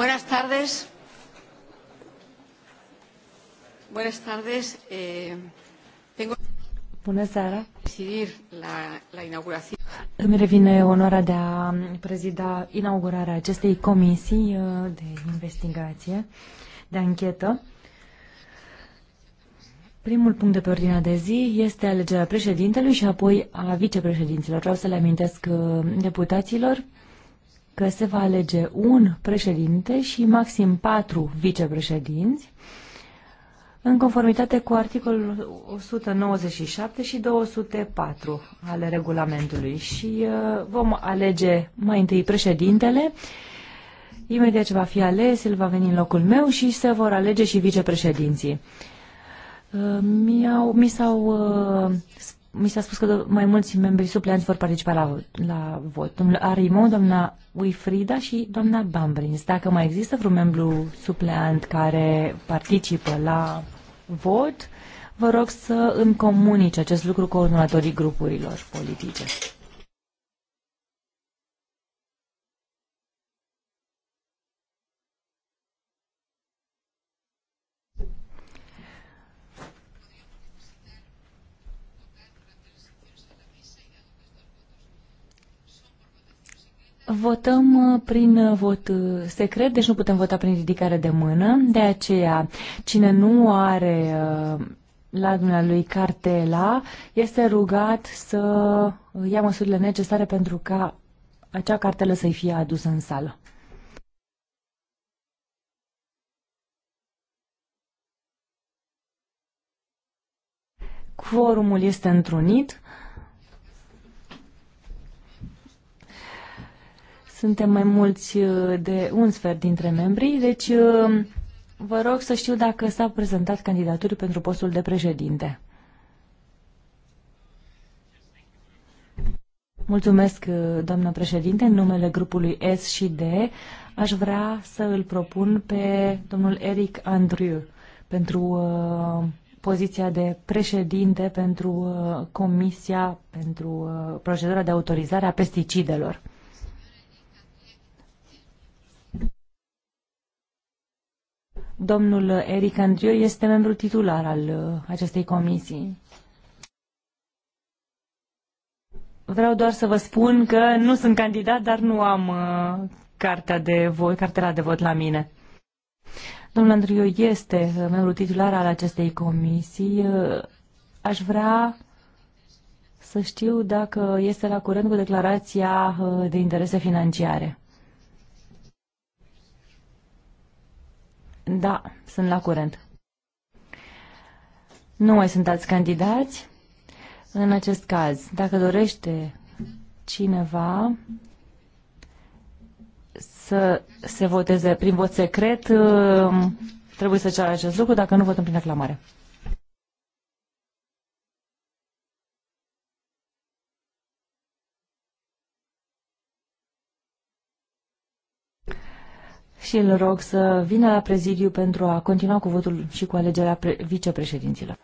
Buenas tardes. Buenas tardes. Eh, tengo Bună seara. la, la Îmi revine onoarea de a prezida inaugurarea acestei comisii uh, de investigație, de anchetă. Primul punct de pe ordinea de zi este alegerea președintelui și apoi a vicepreședinților. Vreau să le amintesc uh, deputaților că se va alege un președinte și maxim patru vicepreședinți, în conformitate cu articolul 197 și 204 ale regulamentului. Și uh, vom alege mai întâi președintele, imediat ce va fi ales, el va veni în locul meu și se vor alege și vicepreședinții. Uh, mi, mi s-au uh, mi s-a spus că mai mulți membri supleanți vor participa la, la vot. Domnul Arimo, doamna Uifrida și doamna Bambrins. Dacă mai există vreun membru supleant care participă la vot, vă rog să îmi comunice acest lucru coordonatorii grupurilor politice. Votăm uh, prin uh, vot uh, secret, deci nu putem vota prin ridicare de mână. De aceea, cine nu are la dumnealui cartela, este rugat să ia măsurile necesare pentru ca acea cartelă să-i fie adusă în sală. Quorumul este întrunit. Suntem mai mulți uh, de un sfert dintre membri, deci uh, vă rog să știu dacă s-a prezentat candidaturi pentru postul de președinte. Mulțumesc, uh, doamnă președinte. În numele grupului S și D, aș vrea să îl propun pe domnul Eric Andriu pentru uh, poziția de președinte pentru uh, Comisia pentru uh, procedura de autorizare a pesticidelor. Domnul Eric Andrieu este membru titular al uh, acestei comisii. Vreau doar să vă spun că nu sunt candidat, dar nu am uh, cartea de vot, cartela de vot la mine. Domnul Andriu este uh, membru titular al acestei comisii. Aș vrea să știu dacă este la curent cu declarația de interese financiare. Da, sunt la curent. Nu mai sunt alți candidați. În acest caz, dacă dorește cineva să se voteze prin vot secret, trebuie să ceară acest lucru, dacă nu votăm prin aclamare. și îl rog să vină la prezidiu pentru a continua cu votul și cu alegerea vicepreședinților.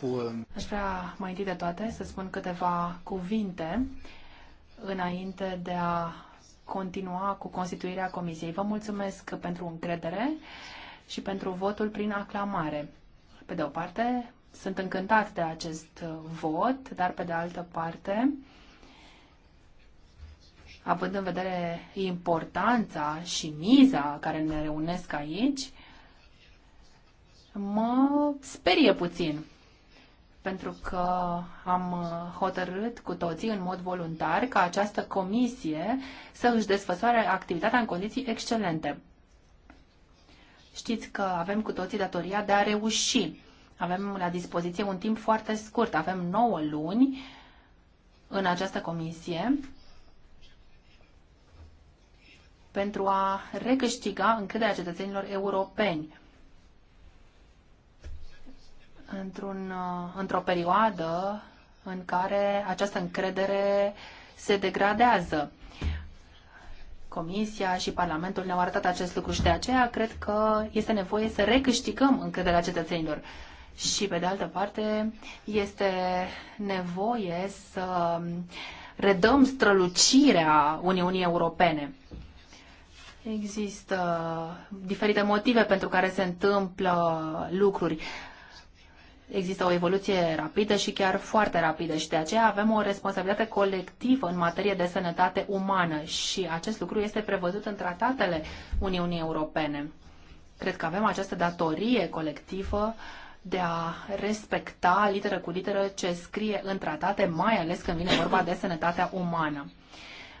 pour... Um, Aș vrea mai întâi de toate să spun câteva cuvinte înainte de a continua cu constituirea comisiei. Vă mulțumesc pentru încredere și pentru votul prin aclamare. Pe de o parte, sunt încântat de acest vot, dar pe de altă parte, având în vedere importanța și miza care ne reunesc aici, mă sperie puțin pentru că am uh, hotărât cu toții în mod voluntar ca această comisie să își desfăsoare activitatea în condiții excelente. Știți că avem cu toții datoria de a reuși. Avem la dispoziție un timp foarte scurt, avem 9 luni în această comisie pentru a recâștiga încrederea cetățenilor europeni într-un, uh, într-o perioadă în care această încredere se degradează. Comisia și Parlamentul ne-au arătat acest lucru și de aceea cred că este nevoie să recâștigăm încrederea cetățenilor. Și pe de altă parte este nevoie să redăm strălucirea Uniunii Europene. Există diferite motive pentru care se întâmplă lucruri există o evoluție rapidă și chiar foarte rapidă și de aceea avem o responsabilitate colectivă în materie de sănătate umană și acest lucru este prevăzut în tratatele Uniunii Europene. Cred că avem această datorie colectivă de a respecta literă cu literă ce scrie în tratate, mai ales când vine vorba de sănătatea umană.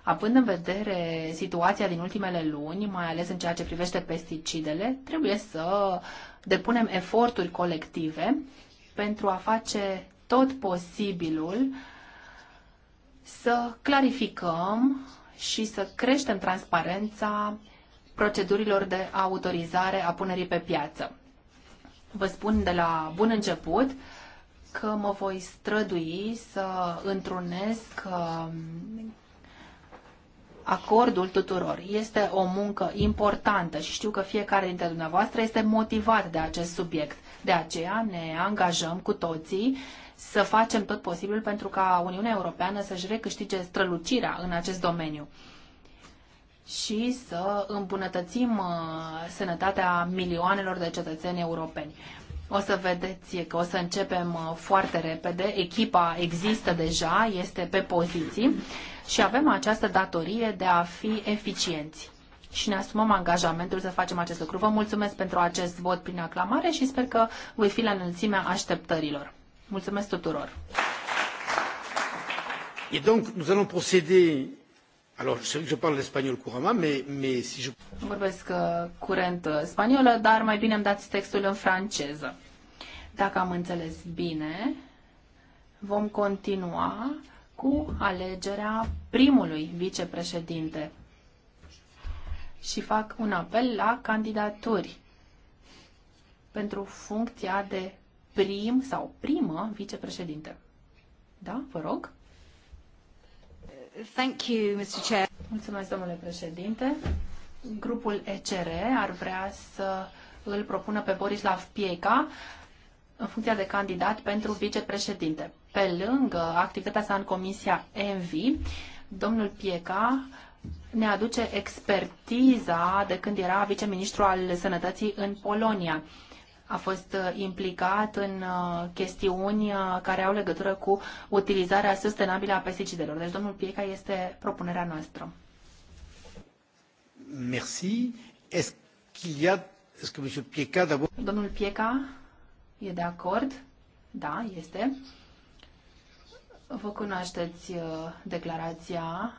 Având în vedere situația din ultimele luni, mai ales în ceea ce privește pesticidele, trebuie să depunem eforturi colective pentru a face tot posibilul să clarificăm și să creștem transparența procedurilor de autorizare a punerii pe piață. Vă spun de la bun început că mă voi strădui să întrunesc acordul tuturor. Este o muncă importantă și știu că fiecare dintre dumneavoastră este motivat de acest subiect. De aceea ne angajăm cu toții să facem tot posibil pentru ca Uniunea Europeană să-și recâștige strălucirea în acest domeniu și să îmbunătățim uh, sănătatea milioanelor de cetățeni europeni. O să vedeți că o să începem uh, foarte repede. Echipa există deja, este pe poziții și avem această datorie de a fi eficienți. Și ne asumăm angajamentul să facem acest lucru. Vă mulțumesc pentru acest vot prin aclamare și sper că voi fi la înălțimea așteptărilor. Mulțumesc tuturor! Et donc, nous allons procéder Alors, je, je parle couramment, mais, mais si je... Vorbesc uh, curent uh, spaniolă, dar mai bine îmi dați textul în franceză. Dacă am înțeles bine, vom continua cu alegerea primului vicepreședinte și fac un apel la candidaturi pentru funcția de prim sau primă vicepreședinte. Da? Vă rog. Mulțumesc, domnule președinte. Grupul ECR ar vrea să îl propună pe Borislav Pieca în funcția de candidat pentru vicepreședinte. Pe lângă activitatea sa în Comisia ENVI, domnul Pieca ne aduce expertiza de când era viceministru al sănătății în Polonia a fost uh, implicat în uh, chestiuni uh, care au legătură cu utilizarea sustenabilă a pesticidelor. Deci, domnul Pieca, este propunerea noastră. Merci. Pieca Domnul Pieca e de acord? Da, este. Vă cunoașteți declarația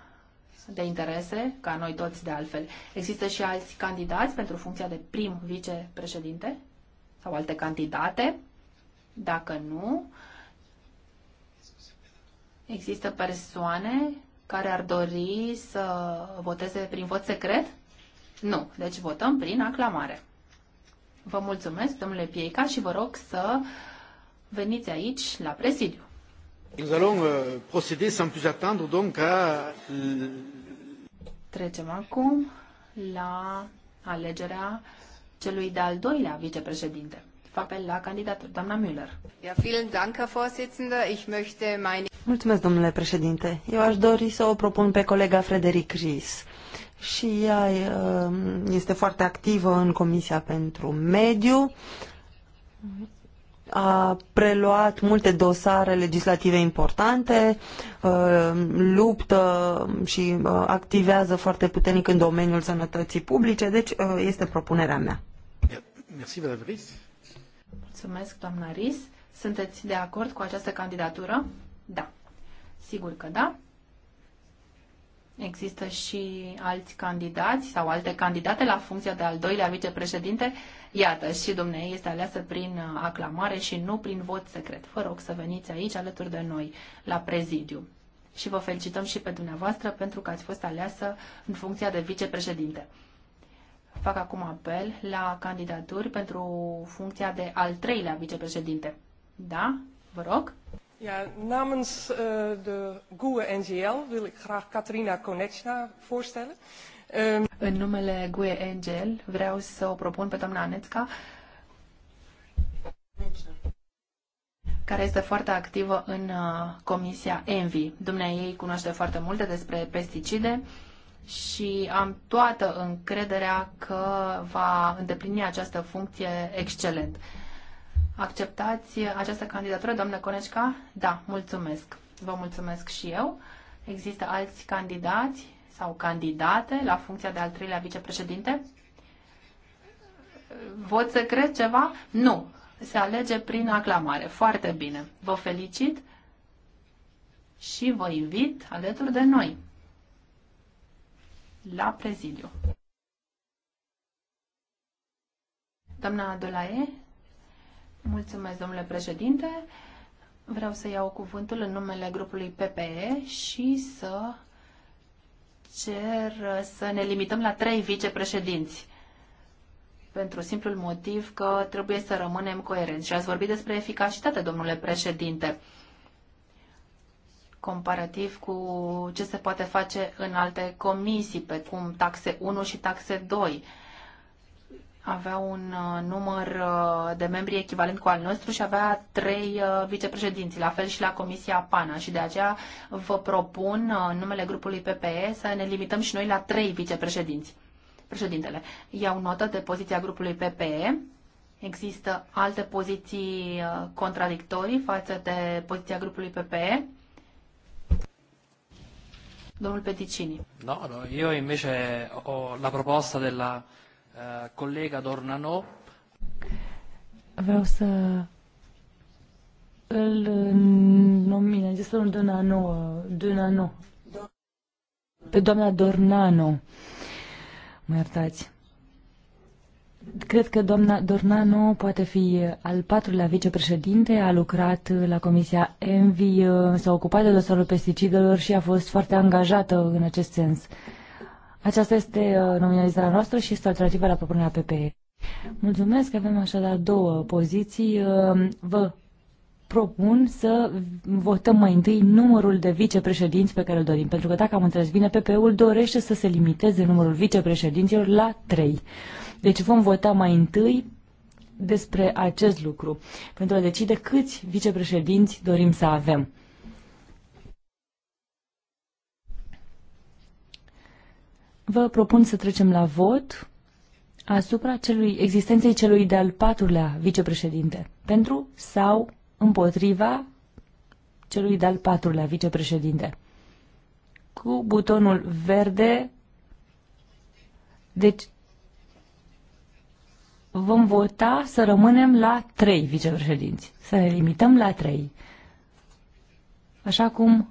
de interese, ca noi toți de altfel. Există și alți candidați pentru funcția de prim vicepreședinte? sau alte cantitate. Dacă nu, există persoane care ar dori să voteze prin vot secret? Nu. Deci votăm prin aclamare. Vă mulțumesc, domnule Pieica, și vă rog să veniți aici, la presidiu. Nous allons euh, procéder sans plus attendre donc à... Euh, Trecem acum la alegerea celui de-al doilea vicepreședinte. Fac apel la candidatul, doamna Müller. Ja, vielen Dank, Herr Vorsitzender. Ich möchte meine... Mulțumesc, domnule președinte. Eu aș dori să o propun pe colega Frederic Ries. Și ea uh, este foarte activă în Comisia pentru Mediu a preluat multe dosare legislative importante, uh, luptă și uh, activează foarte puternic în domeniul sănătății publice, deci uh, este propunerea mea. Mulțumesc, doamna Ris. Sunteți de acord cu această candidatură? Da. Sigur că da. Există și alți candidați sau alte candidate la funcția de al doilea vicepreședinte. Iată, și dumnei este aleasă prin aclamare și nu prin vot secret. Vă rog să veniți aici alături de noi, la prezidiu. Și vă felicităm și pe dumneavoastră pentru că ați fost aleasă în funcția de vicepreședinte. Fac acum apel la candidaturi pentru funcția de al treilea vicepreședinte. Da? Vă rog. Ja, namens uh, de GUE-NGL wil ik graag Katrina Konechna voorstellen. Um... În numele GUE-NGL vreau să o propun pe doamna Anețca, care este foarte activă în uh, Comisia ENVI. Dumnea ei cunoaște foarte multe despre pesticide și am toată încrederea că va îndeplini această funcție excelent. Acceptați această candidatură, doamnă Coneșca? Da, mulțumesc. Vă mulțumesc și eu. Există alți candidați sau candidate la funcția de al treilea vicepreședinte? Vot să ceva? Nu. Se alege prin aclamare. Foarte bine. Vă felicit și vă invit alături de noi la prezidiu. Doamna Adolae, Mulțumesc, domnule președinte. Vreau să iau cuvântul în numele grupului PPE și să cer să ne limităm la trei vicepreședinți pentru simplul motiv că trebuie să rămânem coerenți. Și ați vorbit despre eficacitate, domnule președinte, comparativ cu ce se poate face în alte comisii, pe cum taxe 1 și taxe 2 avea un uh, număr uh, de membri echivalent cu al nostru și avea trei uh, vicepreședinți, la fel și la Comisia PANA și de aceea vă propun în numele grupului PPE să ne limităm și noi la trei vicepreședinți. Președintele, iau notă de poziția grupului PPE. Există alte poziții contradictorii față de poziția grupului PPE? Domnul Peticini. No, no, io invece ho la proposta della Eh, colega Dornano. Vreau să îl nomine, este un Donano, pe doamna Dornano. Mă iertați. Cred că doamna Dornano poate fi al patrulea vicepreședinte, a lucrat la Comisia Envi, s-a ocupat de dosarul pesticidelor și a fost foarte angajată în acest sens. Aceasta este uh, nominalizarea noastră și este alternativa la propunerea PPE. Mulțumesc, avem așadar două poziții. Uh, vă propun să votăm mai întâi numărul de vicepreședinți pe care îl dorim, pentru că dacă am înțeles bine, PPE-ul dorește să se limiteze numărul vicepreședinților la 3. Deci vom vota mai întâi despre acest lucru, pentru a decide câți vicepreședinți dorim să avem. vă propun să trecem la vot asupra celui, existenței celui de-al patrulea vicepreședinte, pentru sau împotriva celui de-al patrulea vicepreședinte. Cu butonul verde, deci vom vota să rămânem la trei vicepreședinți, să ne limităm la trei, așa cum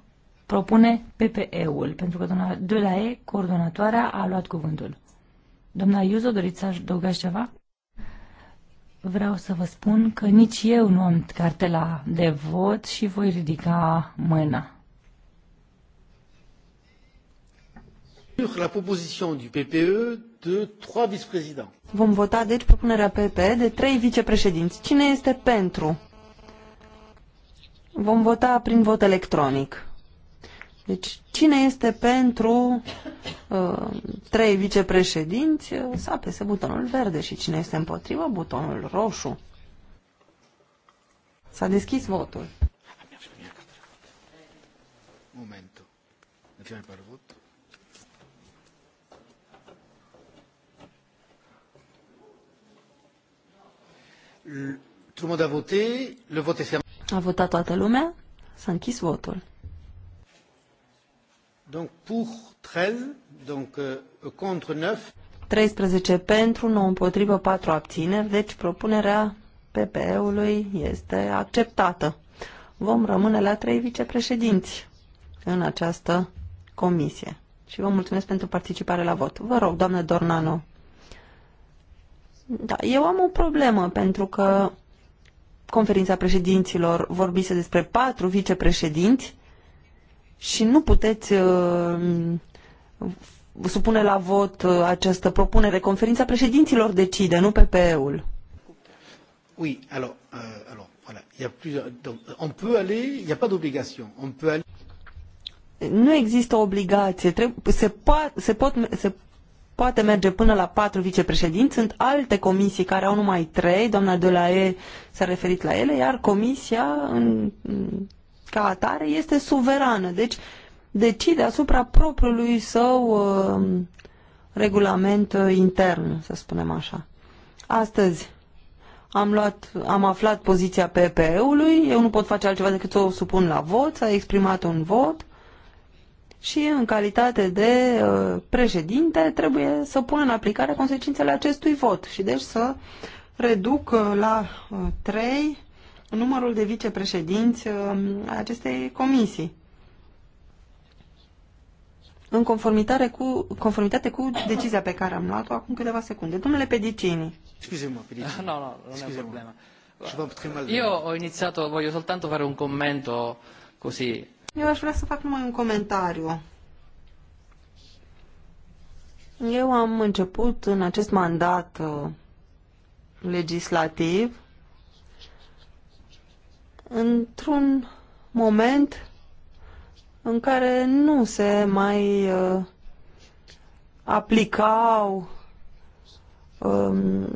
propune PPE-ul, pentru că doamna Dulae, coordonatoarea, a luat cuvântul. Doamna Iuzo, doriți să adăugați ceva? Vreau să vă spun că nici eu nu am cartela de vot și voi ridica mâna. La PPE de Vom vota deci propunerea PPE de trei vicepreședinți. Cine este pentru? Vom vota prin vot electronic. Deci, cine este pentru uh, trei vicepreședinți, uh, să apese butonul verde și cine este împotrivă, butonul roșu. S-a deschis votul. Momentul. Ne fi mai parvut? Tout le monde le vote A votat toată lumea, s-a închis votul. 13, 13 euh, pentru, 9 împotrivă, 4 abțineri, deci propunerea PPE-ului este acceptată. Vom rămâne la trei vicepreședinți în această comisie. Și vă mulțumesc pentru participare la vot. Vă rog, doamnă Dornano. Da, eu am o problemă pentru că conferința președinților vorbise despre patru vicepreședinți și nu puteți uh, supune la vot uh, această propunere. Conferința președinților decide, nu PPE-ul. Oui, alors, euh, alors voilà, il y a plusieurs. Donc, on peut aller, il n'y a pas d'obligation. On peut aller. Nu există obligație. se, poate, se, pot, se poate merge până la patru vicepreședinți. Sunt alte comisii care au numai trei. Doamna de la E s-a referit la ele, iar comisia în ca atare este suverană, deci decide asupra propriului său uh, regulament uh, intern, să spunem așa. Astăzi am, luat, am aflat poziția PPE-ului, eu nu pot face altceva decât să o supun la vot, s-a exprimat un vot și în calitate de uh, președinte trebuie să pună în aplicare consecințele acestui vot și deci să reduc uh, la uh, 3 numărul de vicepreședinți a uh, acestei comisii. În conformitate cu, conformitate cu decizia pe care am luat-o acum câteva secunde. Domnule Pedicini. Scuze-mă, Pedicini. Ah, no, no, nu e problemă. Io ho iniziato, voglio soltanto fare un commento così. Io aș vrea să fac numai un comentariu. Eu am început în acest mandat uh, legislativ într-un moment în care nu se mai uh, aplicau um,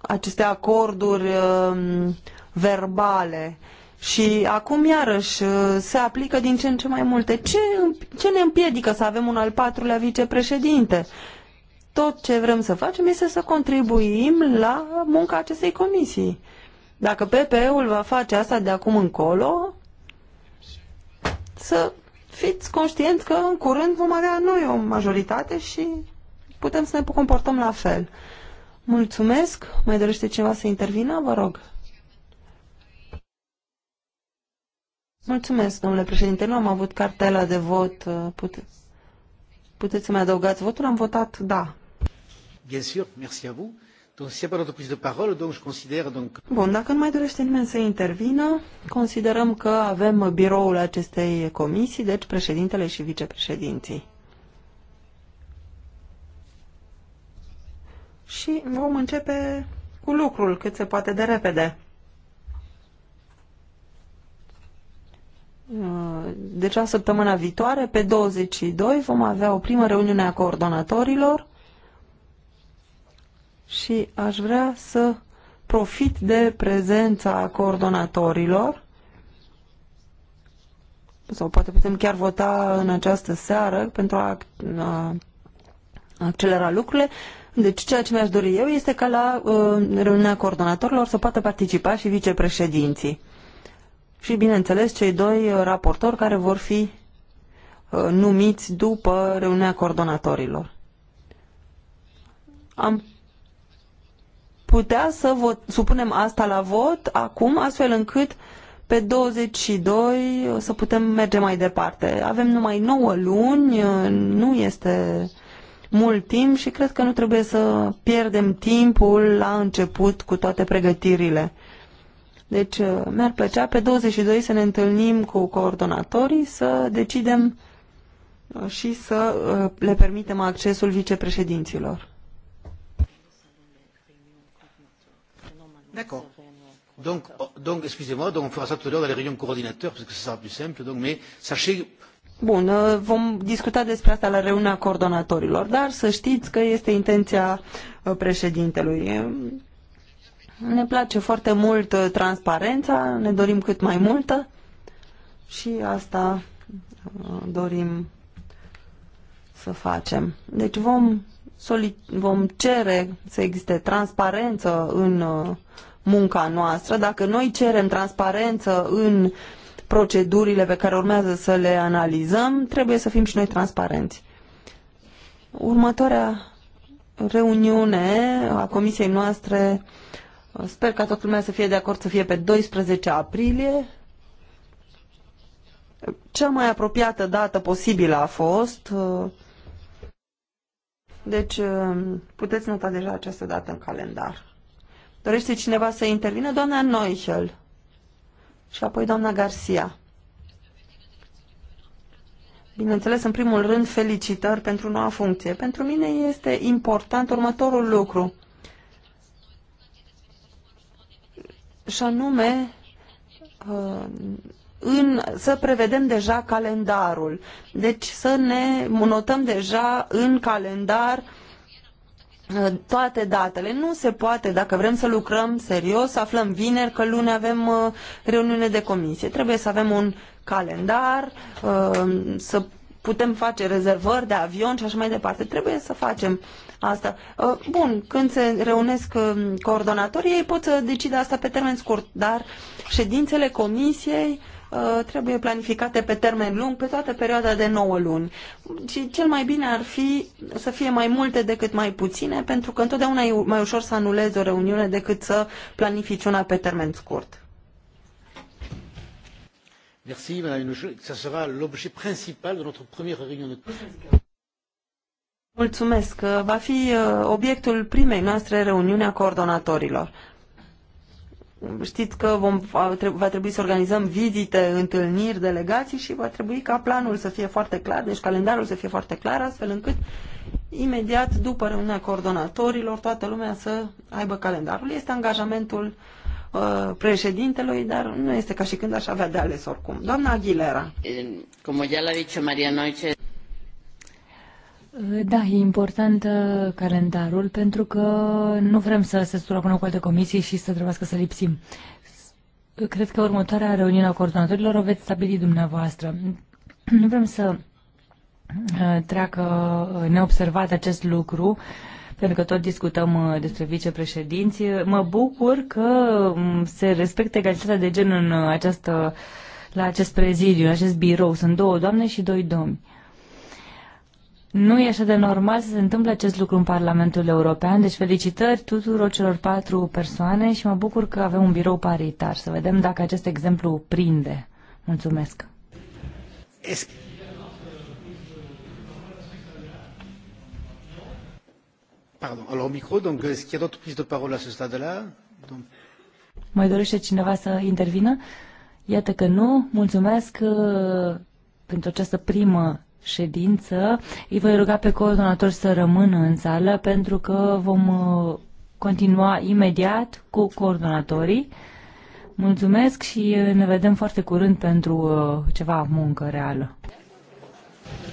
aceste acorduri um, verbale și acum iarăși uh, se aplică din ce în ce mai multe. Ce, ce ne împiedică să avem un al patrulea vicepreședinte? Tot ce vrem să facem este să contribuim la munca acestei comisii. Dacă PPE-ul va face asta de acum încolo, să fiți conștienți că în curând vom avea noi o majoritate și putem să ne comportăm la fel. Mulțumesc. Mai dorește cineva să intervină? Vă rog. Mulțumesc, domnule președinte. Nu am avut cartela de vot. Pute puteți să-mi adăugați votul? Am votat da. Bien sûr, merci à vous. Bun, dacă nu mai dorește nimeni să intervină, considerăm că avem biroul acestei comisii, deci președintele și vicepreședinții. Și vom începe cu lucrul cât se poate de repede. Deci, săptămâna viitoare, pe 22, vom avea o primă reuniune a coordonatorilor și aș vrea să profit de prezența coordonatorilor sau poate putem chiar vota în această seară pentru a, a accelera lucrurile. Deci ceea ce mi-aș dori eu este ca la uh, reuniunea coordonatorilor să poată participa și vicepreședinții. Și bineînțeles cei doi uh, raportori care vor fi uh, numiți după reuniunea coordonatorilor. Am putea să vot, supunem asta la vot acum, astfel încât pe 22 să putem merge mai departe. Avem numai 9 luni, nu este mult timp și cred că nu trebuie să pierdem timpul la început cu toate pregătirile. Deci uh, mi-ar plăcea pe 22 să ne întâlnim cu coordonatorii, să decidem uh, și să uh, le permitem accesul vicepreședinților. D'accord. Donc, oh, donc excusez-moi, donc on fera ça tout à l'heure dans les réunions coordinateurs, parce que ce sera plus simple. Donc, mais sachez... Bun, uh, vom discuta despre asta la reuniunea coordonatorilor, dar să știți că este intenția uh, președintelui. Um, ne place foarte mult uh, transparența, ne dorim cât mai multă și asta dorim să facem. Deci vom vom cere să existe transparență în uh, munca noastră, dacă noi cerem transparență în procedurile pe care urmează să le analizăm, trebuie să fim și noi transparenți. Următoarea reuniune a comisiei noastre, uh, sper ca toată lumea să fie de acord să fie pe 12 aprilie. Cea mai apropiată dată posibilă a fost uh, deci um, puteți nota deja această dată în calendar. Dorește cineva să intervină? Doamna Noichel și apoi doamna Garcia. Bineînțeles, în primul rând, felicitări pentru noua funcție. Pentru mine este important următorul lucru. Și anume, uh, în, să prevedem deja calendarul. Deci să ne notăm deja în calendar uh, toate datele. Nu se poate, dacă vrem să lucrăm serios, să aflăm vineri că luni avem uh, reuniune de comisie. Trebuie să avem un calendar, uh, să putem face rezervări de avion și așa mai departe. Trebuie să facem asta. Uh, bun, când se reunesc uh, coordonatorii, ei pot să decide asta pe termen scurt, dar ședințele comisiei uh, trebuie planificate pe termen lung, pe toată perioada de 9 luni. Și cel mai bine ar fi să fie mai multe decât mai puține, pentru că întotdeauna e mai ușor să anulezi o reuniune decât să planifici una pe termen scurt. Merci, Madame Ça sera l'objet principal de notre première réunion de... Mulțumesc. Va fi uh, obiectul primei noastre reuniuni a coordonatorilor. Știți că vom, va trebui să organizăm vizite, întâlniri, delegații și va trebui ca planul să fie foarte clar, deci calendarul să fie foarte clar, astfel încât imediat după reuniunea coordonatorilor toată lumea să aibă calendarul. Este angajamentul uh, președintelui, dar nu este ca și când aș avea de ales oricum. Doamna Aguilera. Cum ya l dicho Maria Noice, Eh, da, e important eh, calendarul pentru că nu vrem să se suprapună cu alte comisii și să trebuiască să lipsim. Eh, cred că următoarea reuniune a coordonatorilor o veți stabili dumneavoastră. Nu vrem să treacă neobservat acest lucru, pentru că tot discutăm despre vicepreședinți. Mă bucur că mm, se respectă egalitatea de gen în această, la acest prezidiu, în acest birou. Sunt două doamne și doi domni. Nu e așa de normal să se întâmple acest lucru în Parlamentul European, deci felicitări tuturor celor patru persoane și mă bucur că avem un birou paritar. Să vedem dacă acest exemplu prinde. Mulțumesc. Es... Pardon, alors micro, donc est-ce qu'il y a d'autres prises de parole à ce stade-là donc... Mai dorește cineva să intervină? Iată că nu. Mulțumesc uh, pentru această primă ședință. Îi voi ruga pe coordonator să rămână în sală pentru că vom uh, continua imediat cu coordonatorii. Mulțumesc și uh, ne vedem foarte curând pentru uh, ceva muncă reală.